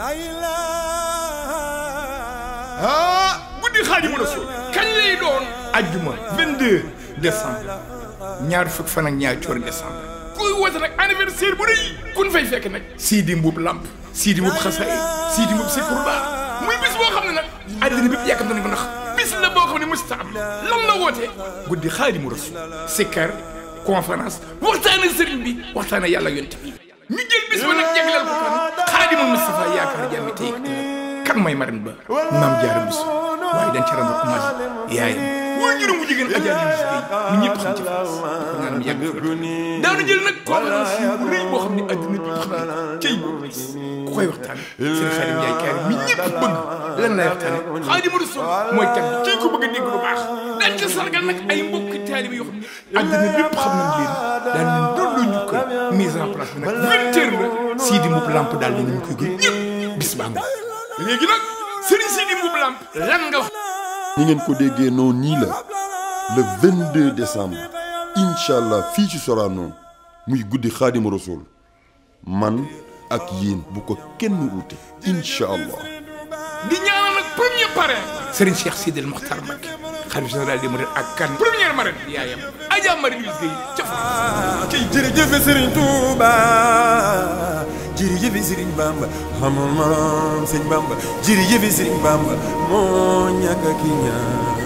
ah guddi xaadimu rasul kañ lay doon ajjuma 22 décembre ñaar fukk fan ak ñaar coor décembre kuy woote bu rëy kun fay fekk nag Sidi Mbuub Lamp Sidi Mbuub Xasaay Sidi Mbuub Sikurba muy bis boo xam ne nag àddina bi yàkkam nañ ko ndax bis la boo xam ne mësta lan la woote guddi xaadimu rasul sikkar conférence waxtaana sëriñ bi waxtaana yàlla yonte jël tey kan mooy Marème Ba maam Diarra Bousso waaye dañ ca rendre hommage yaayam mooy juróom bu jigéen Adja Diarra Bousso tey ñun ñëpp xam ci France nag conférence bu rëy boo xam ne adduna bi xam ne cey boobu gis ku koy waxtaane seen Xaadim Njaay Kaar mi ñëpp bëgg lan lay waxtaane Xaadimu Rasuul mooy tag ko bëgg a dégg lu baax ay mbokk ko mise bi nag vingt bis baa ngoog léegi nag Serigne Sidi Mbuub Lamp lan nga wax. ni ngeen ko déggee noonu nii la le 22 décembre allah fii ci Sorano muy guddi xaadimu rasul man ak yéen bu ko kenn wuute incha allah. di ñaanal nag premier parrain. Serigne Cheikh Sidil Mokhtar Mbacké xalifa général des mourides ak kan première marraine yaayam Adja Marie Louise Gueye ca fa. kay jërëjëf Serigne Touba. jërëjëf Sëriñ Bamba xamul morom Sëriñ Bamba jërëjëf Sëriñ Bamba moo ñàkk ki